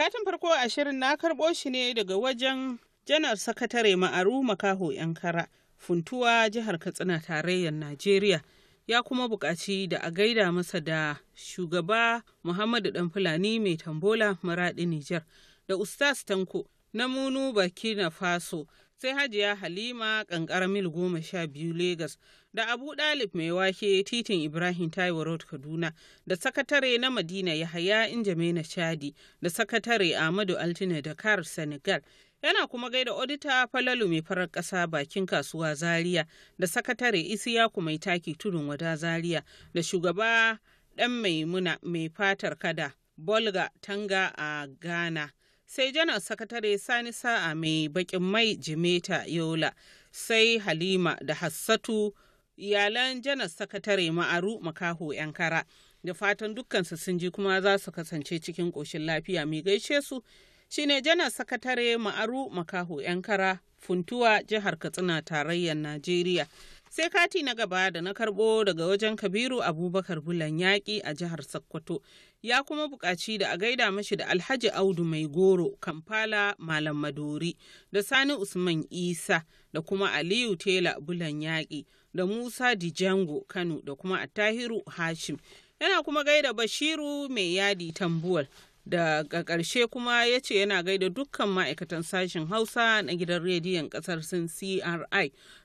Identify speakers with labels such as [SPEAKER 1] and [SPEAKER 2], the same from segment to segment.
[SPEAKER 1] Katin farko ashirin na karɓo shi ne daga wajen janar sakatare ma'aru makaho yankara funtuwa jihar Katsina tarayyar Najeriya ya kuma buƙaci da a gaida masa da shugaba Muhammadu Fulani mai tambola maraɗi Nijar da Ustaz Tanko na munu burkina faso sai hajiya halima kankara mil goma sha biyu Legas da abu dalib mai wake titin ibrahim taiwo road kaduna da sakatare na madina yahaya injamena chadi da sakatare ahmadu altina kar senegal yana kuma gaida odita falalu mai farar ƙasa bakin kasuwa zaria da sakatare isiyaku mai taki tudun wada zaria da shugaba dan maimuna mai fatar kada bolga tanga a ghana sai janar sakatare sani sa'a mai bakin mai jimeta yola sai halima da hassatu iyalan janar sakatare ma'aru makaho yankara da fatan dukkansu sun ji kuma za su kasance cikin ƙoshin lafiya mai gaishe su shine janar sakatare ma'aru makaho yankara funtuwa jihar katsina tarayyar najeriya sai kati na gaba da na karbo daga wajen kabiru abubakar bulan yaƙi a jihar sokoto ya kuma buƙaci da a gaida mashi da alhaji audu mai goro kamfala malam madori da sani usman isa da kuma aliyu tela bulan yaƙi da musa dijango kano da kuma attahiru hashim yana kuma gaida bashiru mai yadi tambuwal daga ƙarshe kuma ya ce yana gaida dukkan ma'aikatan sashen hausa na gidan rediyon ƙasar sun cri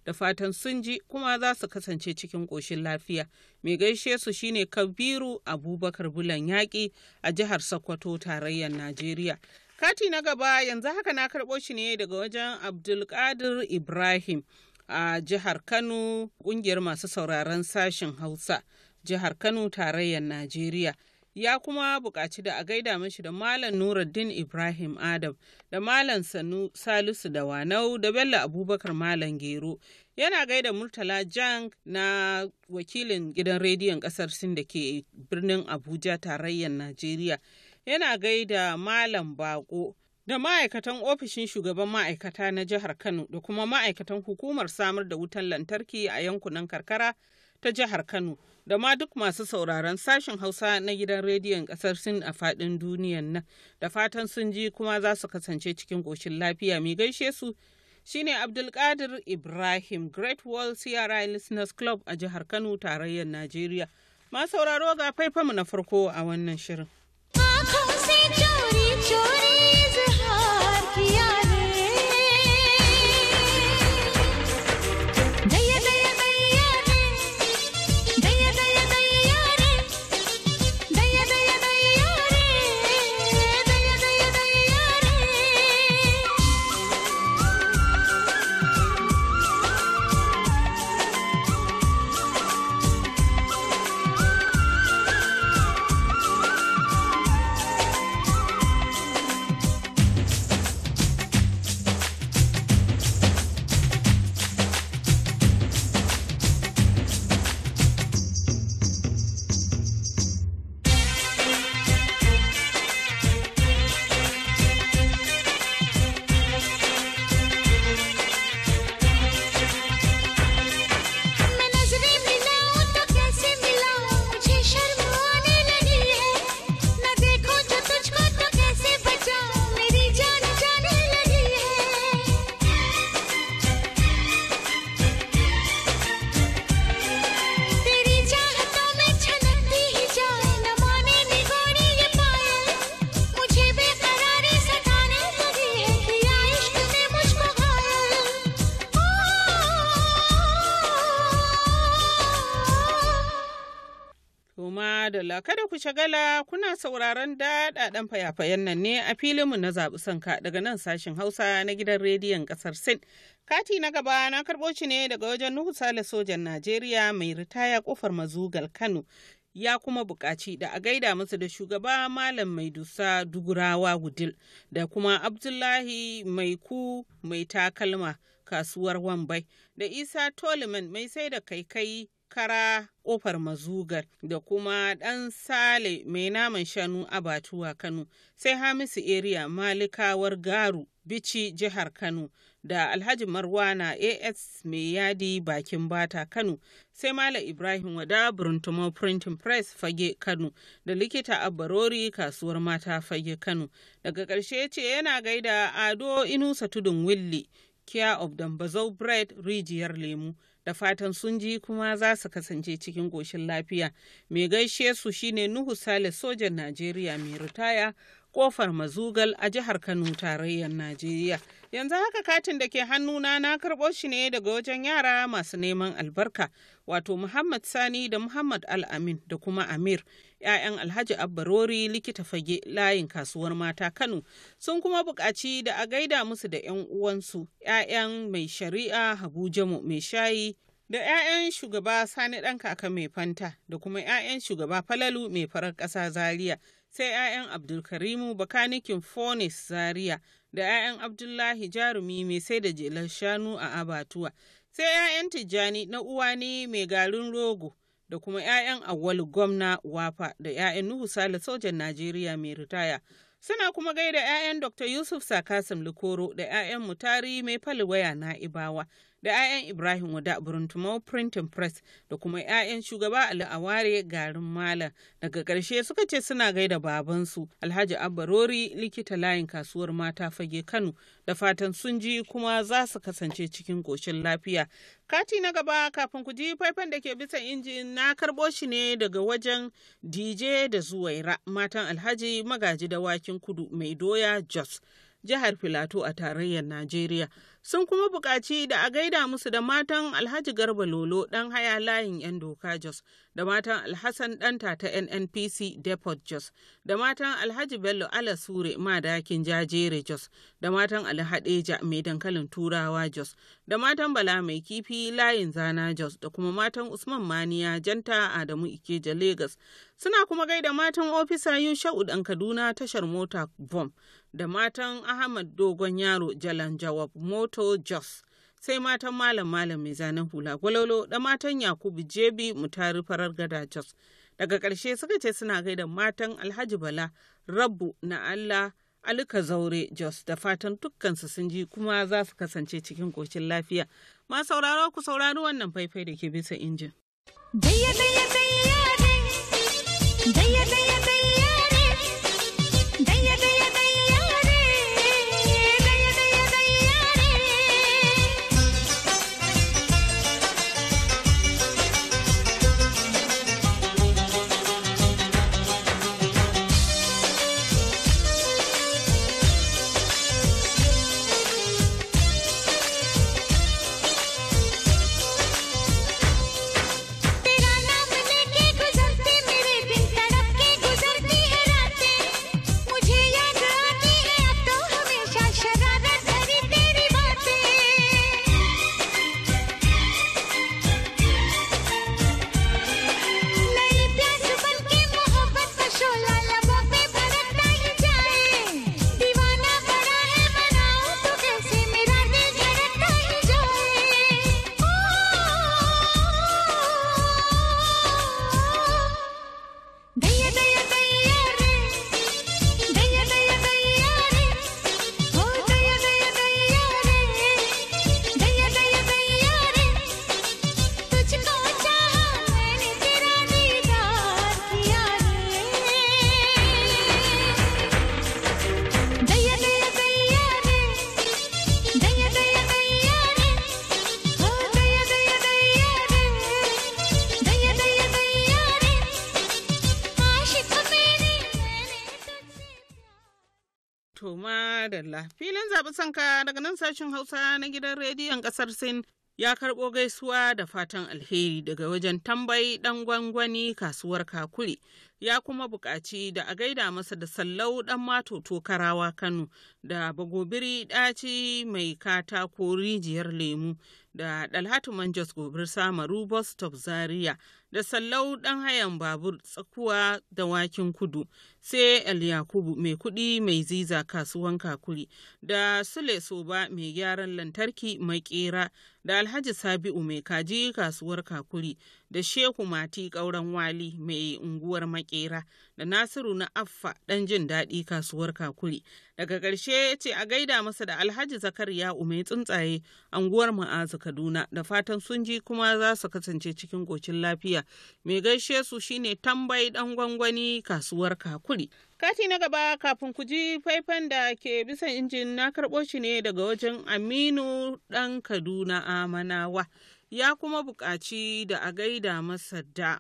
[SPEAKER 1] da fatan sun ji kuma za su kasance cikin ƙoshin lafiya mai gaishe su shine kabiru abubakar bulan yaƙi a jihar sokoto tarayyar najeriya kati na gaba yanzu haka na karɓo shi ne daga wajen abdulkadir ibrahim a jihar kano ƙungiyar masu sauraron sashen hausa jihar kano tarayyar najeriya ya kuma buƙaci da a gaida mashi da Malam Nuruddin Ibrahim Adam da Malam Sanu Salisu da Wanau da Bello Abubakar Malam Gero. Yana gaida Murtala Jang na wakilin gidan rediyon ƙasar Sin da ke birnin Abuja tarayyar Najeriya. Yana gaida Malam Bako. da ma'aikatan ofishin shugaban ma'aikata na jihar Kano da kuma ma'aikatan hukumar samar da wutan lantarki a yankunan karkara ta jihar Kano. da ma duk masu sauraron sashen Hausa na gidan rediyon kasar Sin a faɗin duniyan nan da fatan sun ji kuma za su kasance cikin ƙoshin lafiya mai gaishe su shine Abdulkadir Ibrahim Great Wall CRI Listeners Club a jihar Kano tarayyar Najeriya. Ma sauraro ga faifanmu na farko a wannan shirin. ku shagala kuna sauraron daɗaɗen fayafayen nan ne a filinmu na zaɓi sanka daga nan Sashen Hausa na gidan rediyon ƙasar Sin. Kati na gaba na karɓo shi ne daga wajen Nuhu Sale sojan Najeriya mai ritaya ƙofar mazugal Kano. ya kuma buƙaci da a gaida masa da shugaba malam mai dusa dugurawa gudil da kuma abdullahi mai ku mai takalma kasuwar wambai da isa toliman mai sai da kaikai kara ƙofar mazugar da kuma ɗan sale mai naman shanu a batuwa kano sai hamisu area malikawar garu bici jihar kano da alhaji marwana as mai yadi bakin bata kano sai mala ibrahim wada burntumo printing press fage kano da likita abbarori kasuwar mata fage kano daga ƙarshe ce yana gaida ado inusa tudun willi care of dambazo bread rijiyar lemu da fatan sun ji kuma za su kasance cikin goshin lafiya mai gaishe su shine nuhu sale sojan najeriya mai ritaya kofar mazugal a jihar kano tarayyar najeriya yanzu haka katin da ke hannuna na karɓo shi ne daga wajen yara masu neman albarka wato muhammad sani da muhammad al-amin da kuma amir 'ya'yan alhaji abbarori likita fage layin kasuwar mata kano sun kuma buƙaci da a gaida musu da 'yan uwansu 'ya'yan mai shari'a habu jamu mai shayi da 'ya'yan shugaba sani ɗan kaka mai fanta da kuma 'ya'yan shugaba falalu mai farar ƙasa zaria sai 'ya'yan abdulkarimu bakanikin fonis zaria da 'ya'yan abdullahi jarumi mai sai da jelar shanu a abatuwa sai 'ya'yan tijjani na uwa ne mai garin rogo da kuma 'ya'yan Auwalu gwamna wafa da 'ya'yan Nuhu Sale sojan Najeriya mai ritaya. Suna kuma gaida 'ya'yan Dr. Yusuf Sakasim Likoro da 'ya'yan Mutari mai falwaya na Ibawa da 'ya'yan Ibrahim Wada Buruntumau Printing Press da kuma 'ya'yan shugaba Ali Aware garin Malam. Daga karshe suka ce suna gaida babansu Alhaji Abbarori likita layin kasuwar mata fage Kano da fatan sun ji kuma za su kasance cikin ƙoshin lafiya. Kati na gaba kafin ku ji faifan da ke bisa injin na karɓo shi ne daga wajen DJ da Zuwaira matan Alhaji Magaji da Wakin Kudu mai doya Jos. jihar Filato a tarayyar Najeriya. Sun kuma buƙaci da a gaida musu da matan Alhaji Garba Lolo ɗan haya layin 'yan doka Jos, da matan Alhassan ɗanta ta NNPC Depot Jos, da matan Alhaji Bello Alasure Madakin Jajere Jos, da matan Alhadeja mai dankalin Turawa Jos, da matan Bala mai kifi layin Zana Jos, da kuma matan Usman Maniya Janta Adamu Ikeja Legas. Suna kuma gaida matan ofisa Yusha'u ɗan Kaduna tashar mota Bom. da matan Ahmad Dogon Yaro Jalan Jawab Moto Jos. sai matan malam malam mai zanen hula gwalolo da matan yakubu jebi mutari farar gada jos daga ƙarshe suka ce suna gaida matan alhaji bala rabbu na allah alika zaure jos da fatan dukkansu sun ji kuma za su kasance cikin ƙoshin lafiya ma sauraro ku saurari wannan faifai da ke bisa injin. Daya, daya, daya, Allah. filin zaɓi sanka daga nan sashen hausa na gidan rediyon ƙasar sin ya karɓo gaisuwa da fatan alheri daga wajen tambayi ɗan gwangwani kasuwar kakuri ya kuma buƙaci da a gaida masa da sallau ɗan mato karawa kano da bagobiri ɗaci mai katako rijiyar lemu da dalhatu manjas gobir samaru bus zaria da sallau dan hayan babur tsakuwa da wakin kudu sai el yakubu mai kudi mai ziza kasuwan kakuri da sule soba mai gyaran lantarki mai kera da alhaji sabi'u mai kaji kasuwar kakuri da shehu mati kauran wali mai unguwar makera da nasiru na affa dan jin daɗi kasuwar kakuri daga ƙarshe ya ce a gaida masa da alhaji zakariya umai tsuntsaye anguwar ma'azu kaduna da fatan sun ji kuma za su kasance cikin gocin lafiya mai gaishe su shine tambayi dan gwangwani kasuwar kakuri kati na gaba kafin ku ji faifan da ke bisan injin na karɓo shi ne daga wajen aminu ɗan kaduna amanawa ya kuma buƙaci da a gaida masa da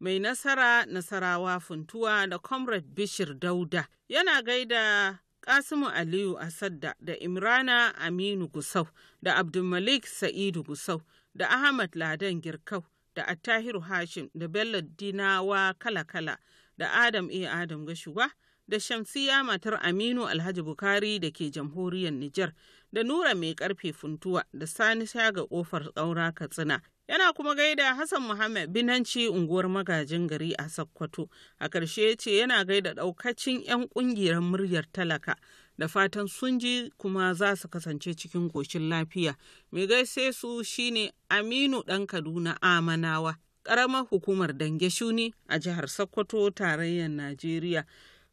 [SPEAKER 1] mai nasara nasarawa funtuwa da comrade bishir dauda yana gaida Kasimu Aliyu Asadda da Imrana Aminu Gusau da Abdulmalik Sa'idu Gusau da Ahmad Ladan Girkau da Attahiru Hashim da Bello Dinawa Kala-Kala da Adam E. Adam Gashuwa da Shamsiya matar Aminu Alhaji Bukari da ke jamhuriyar Nijar da Nura mai karfe funtuwa da Sani Shaga kofar tsaura Katsina yana kuma gaida Hassan Muhammad Binanci unguwar magajin gari a Sokoto. A ƙarshe ya ce yana gaida ɗaukacin 'yan ƙungiyar muryar talaka da fatan sun ji kuma za su kasance cikin ƙoshin lafiya. Mai gaise su shine Aminu ɗan Kaduna Amanawa, ƙaramar hukumar Dange Shuni a jihar Sokoto tarayyar Najeriya.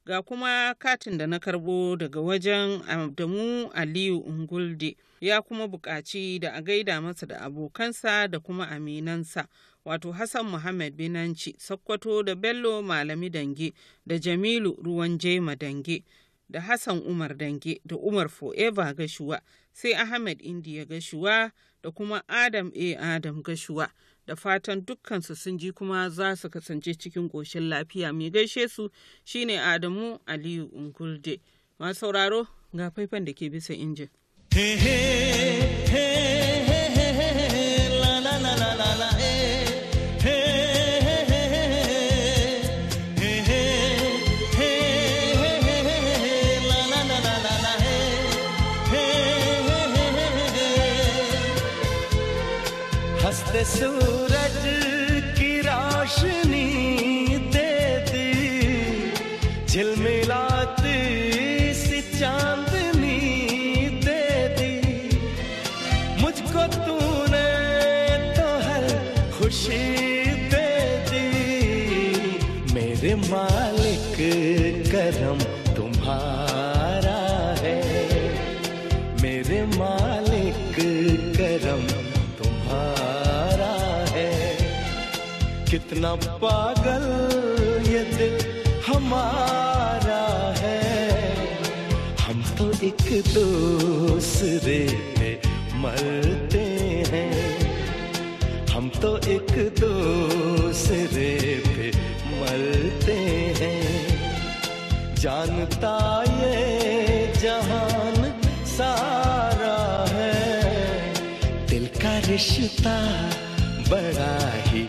[SPEAKER 1] ga kuma katin da na karbo daga wajen Adamu ah, Aliyu Ungulde ya kuma buƙaci da a gaida masa da abokansa da kuma aminansa wato Hassan Muhammad Binanci Sokoto da Bello Malami Dange da Jamilu Ruwan Jema Dange da Hassan Umar Dange da Umar Forever Gashuwa sai Ahmed india Gashuwa da kuma Adam A. Adam Gashuwa. da fatan dukkansu sun ji kuma za su kasance cikin ƙoshin lafiya mai gaishe su shine adamu aliyu ungulde ma sauraro ga faifan da ke bisa injin.
[SPEAKER 2] So. कितना पागल ये दिल हमारा है हम तो एक दूसरे में मरते हैं हम तो एक दूसरे पे मरते हैं जानता ये जहान सारा है दिल का रिश्ता बड़ा ही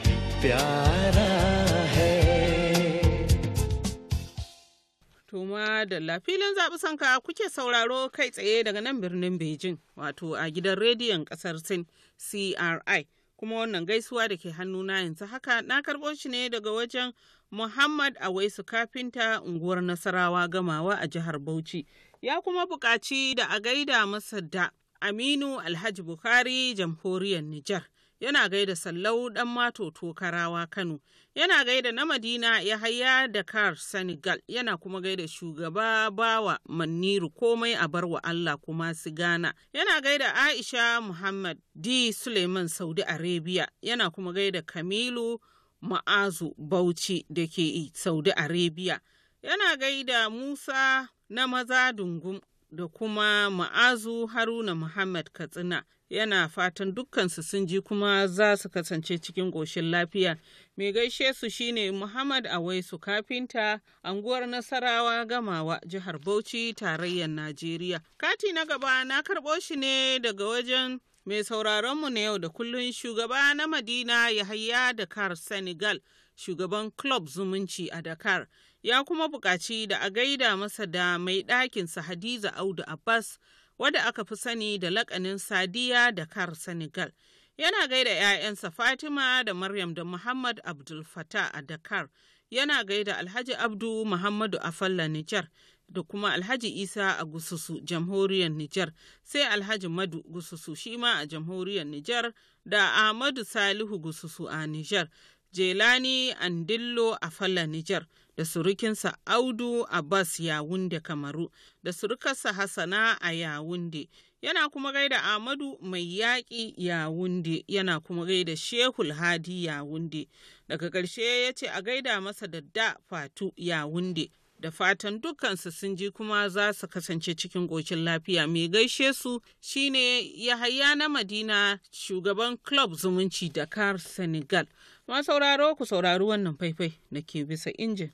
[SPEAKER 1] Tuma da filin zaɓi sanka kuke sauraro kai tsaye daga nan birnin Beijing wato a gidan rediyon ƙasar Sin CRI kuma wannan gaisuwa da ke hannu hannuna yanzu haka na karɓo shi ne daga wajen Muhammad Awaisu kafinta unguwar Nasarawa gamawa a jihar Bauchi ya kuma buƙaci da a gaida masa da Aminu Alhaji Bukhari jamhuriyar Nijar. yana gaida sallau dan mato tokarawa kano yana gaida na madina ya haya dakar senegal yana kuma gaida shugaba bawa maniru komai a bar wa allah kuma su gana yana gaida aisha muhammad d suleiman saudi arabia yana kuma gaida kamilu ma'azu bauchi da ke saudi arabia yana gaida musa na maza dungum da kuma ma'azu haruna muhammad katsina yana fatan dukkansu sun ji kuma za su kasance cikin ƙoshin lafiya. Mai gaishe su shine Muhammad Awaisu kafinta anguwar Nasarawa Gamawa jihar Bauchi tarayyar Najeriya. Kati na gaba na karɓo shi ne daga wajen mai sauraronmu na yau da kullun shugaba na Madina Yahaya Dakar Senegal shugaban Club Zumunci a Dakar. Ya kuma buƙaci da a gaida masa da mai ɗakinsa Hadiza Audu Abbas wadda aka fi sani da lakanin Sadiya da kar Senegal. Yana gaida 'ya'yansa Fatima da Maryam da Muhammad Abdul fata a Dakar. Yana gaida Alhaji Abdu Muhammadu a Falla Nijar da kuma Alhaji Isa a Gususu, Jamhuriyar Nijar, sai Alhaji Madu Gususu shi a Jamhuriyar Nijar da Ahmadu Salihu Gususu a Nijar, Jelani Andillo a Falla Nijar. da surukinsa Audu a Abbas Yawunde Kamaru da surukarsa Hassana a Yawunde. Yana kuma gaida amadu mai yaƙi Yawunde yana kuma gaida Shehul Hadi Yawunde. Daga ƙarshe ya ce a gaida masa da da Fatu Yawunde. Da fatan dukkansu sun ji kuma za su kasance cikin ƙoshin lafiya mai gaishe su shine Yahaya na Madina shugaban Club Zumunci Dakar Senegal. Ma sauraro ku saurari wannan faifai da ke bisa injin.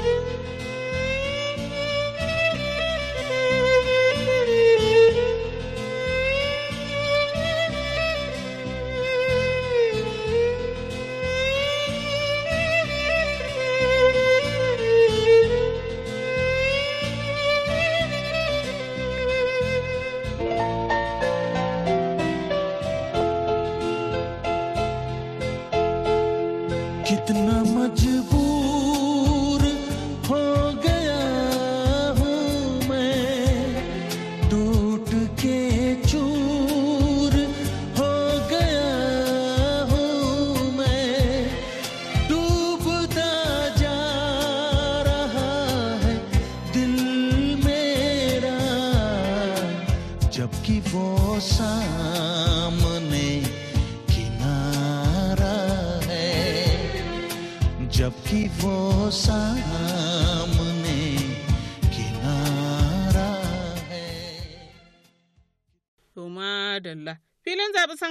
[SPEAKER 1] Música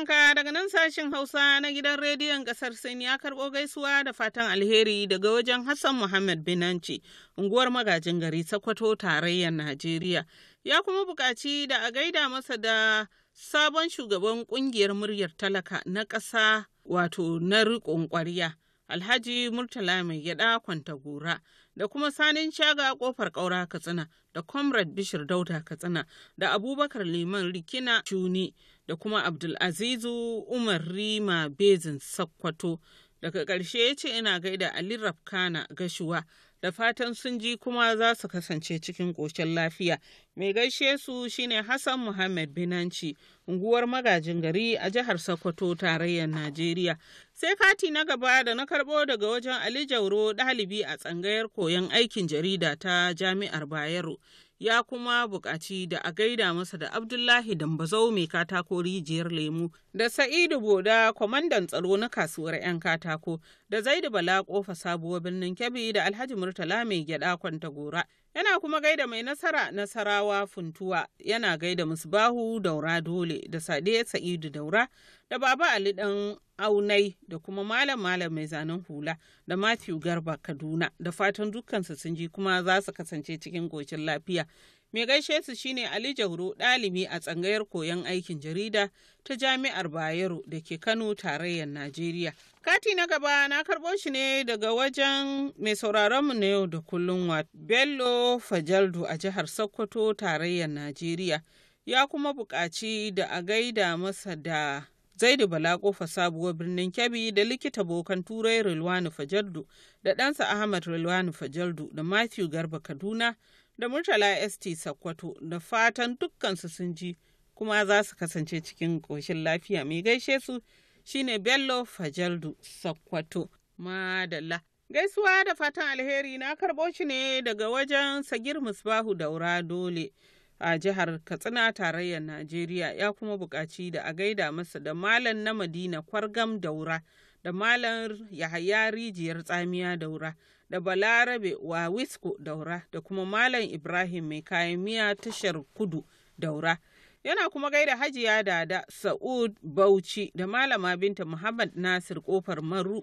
[SPEAKER 1] Hassanka daga nan sashin Hausa na gidan rediyon ƙasar Sin ya karɓo gaisuwa da fatan alheri daga wajen Hassan Muhammad Binanci, unguwar magajin gari Sokoto tarayyar Najeriya. Ya kuma buƙaci da a gaida masa da sabon shugaban ƙungiyar muryar talaka na ƙasa wato na riƙon ƙwarya, Alhaji Murtala Mai Gyaɗa Kwantagora. da kuma sanin shaga kofar ƙaura katsina da comrade bishir dauda katsina da abubakar liman rikina shuni da kuma abdulazizu umar rima bezin sakkwato daga ƙarshe ya ce ina gaida ali rafkana gashuwa da fatan sun ji kuma za su kasance cikin ƙoshin lafiya. Mai gaishe su shine Hassan Muhammad Binanci, unguwar magajin gari a jihar Sokoto tarayyar Najeriya. Sai kati na gaba da na karɓo daga wajen Ali Jauro ɗalibi a tsangayar koyon aikin jarida ta Jami'ar Bayero. ya kuma buƙaci da a gaida masa da abdullahi dambazau mai katako rijiyar lemu da sa'idu boda kwamandan tsaro na kasuwar 'yan katako da zaidu bala kofa sabuwar birnin kebbi da alhaji murtala mai gyada kwanta gora Yana kuma gaida mai nasara nasarawa funtuwa yana gaida musbahu daura dole da sade sa'idu daura da baba ali dan aunai da kuma malam malam mai zanen hula da matthew garba kaduna da fatan dukkansu sun ji kuma za su kasance cikin gocin lafiya Mai gaishe su shine Ali Jauro ɗalibi a tsangayar koyon aikin jarida ta Jami'ar Bayero da ke Kano tarayyar Najeriya. Kati na gaba na karɓo shi ne daga wajen mai sauraronmu na yau da kullum wa Bello Fajaldu a jihar Sokoto tarayyar Najeriya. Ya kuma buƙaci da a gaida masa da Zaidu Bala kofa sabuwar birnin Kebbi da likita bokan Turai Rilwani Fajaldu da ɗansa Ahmad Rilwani Fajaldu da Matthew Garba Kaduna da Murtala ST Sakkwato da fatan dukkansu sun ji kuma za su kasance cikin ƙoshin lafiya mai gaishe su shine Bello Fajaldu Sakkwato. Madalla. Gaisuwa da fatan alheri na karɓo shi ne daga wajen Sagir Musbahu Daura Dole a jihar Katsina tarayyar Najeriya ya kuma buƙaci da a gaida masa da Malam na Madina Kwargam Daura da Malam Yahaya Rijiyar Tsamiya Daura da Balarabe wa wisku Daura da kuma Malam Ibrahim mai kayan miya tashar kudu Daura. Yana kuma gaida Hajiya da Dada Sa'ud Bauchi da Malama Binta Muhammad Nasir Kofar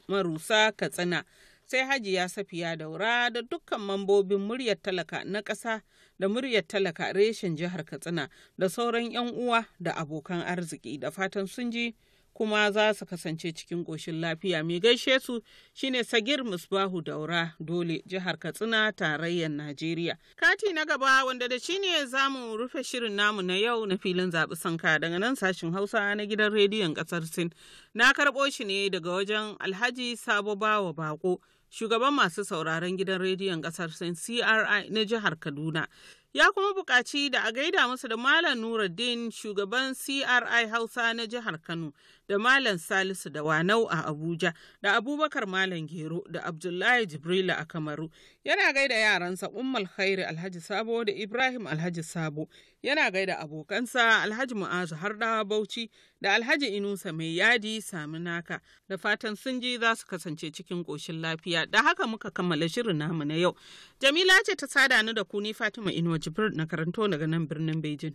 [SPEAKER 1] Marusa Katsina. Sai Hajiya Safiya Daura da dukkan mambobin muryar talaka na ƙasa da muryar talaka reshen jihar Katsina da sauran 'yan uwa da abokan arziki da fatan sun ji. kuma za su kasance cikin ƙoshin lafiya mai gaishe su shine sagir musbahu daura dole jihar katsina tarayyar najeriya kati na gaba wanda da shi ne za mu rufe shirin namu na yau na filin zaɓi sanka daga nan sashin hausa na gidan rediyon ƙasar sin na karɓo shi ne daga wajen alhaji sabo bawa bako shugaban masu sauraron gidan rediyon ƙasar sin cri na jihar kaduna ya kuma buƙaci da a gaida musu da Malam Nuruddin shugaban CRI Hausa na jihar Kano da Malam Salisu da Wanau a Abuja da Abubakar Malam Gero da Abdullahi Jibrila a Kamaru. Yana gaida yaransa Ummal Khairi Alhaji Sabo da Ibrahim Alhaji Sabo. Yana gaida abokansa Alhaji Mu'azu har Hardawa Bauchi da Alhaji Inusa Mai Yadi sami naka. da fatan sun ji za su kasance cikin ƙoshin lafiya. Da haka muka kammala shirin namu na yau. Jamila ce ta sada ni da ku ni Fatima Inuwa Jibril na karanto daga nan birnin Bejin.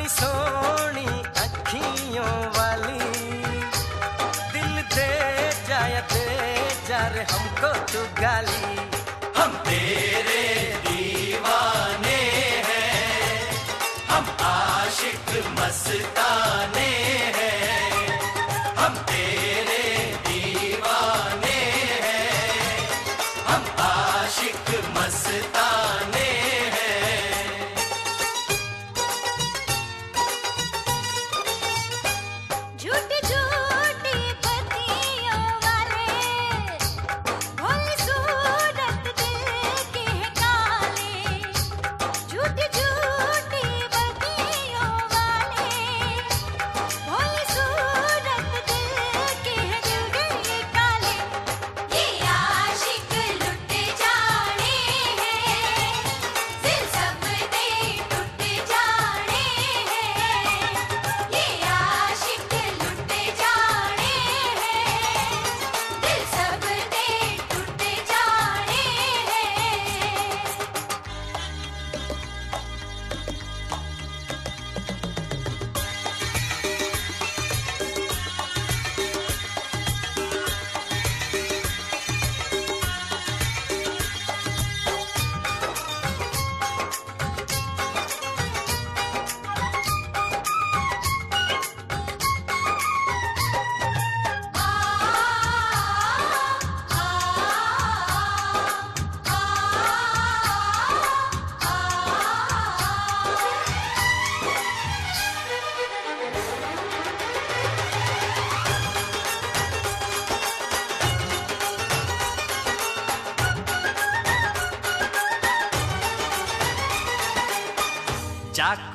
[SPEAKER 2] ਨੀ ਸੋਹਣੀ ਅੱਖੀਆਂ ਵਾਲੀ ਦਿਲ ਦੇ ਜਾਇਆ ਤੇ ਜਰ ਹਮਕੋ ਤੂੰ ਗਾਲੀ ਹਮ ਤੇਰੇ दीवाने हैं हम आशिक मस्ताने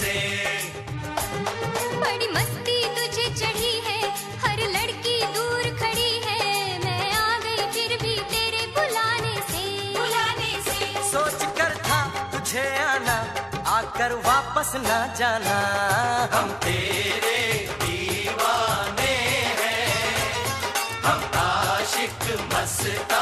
[SPEAKER 2] से बड़ी मस्ती तुझे चढ़ी है हर लड़की दूर खड़ी है मैं आ गई फिर भी तेरे बुलाने से बुलाने से सोच कर था तुझे आना आकर वापस ना जाना हम तेरे दीवाने हैं हम आशिक मस्ता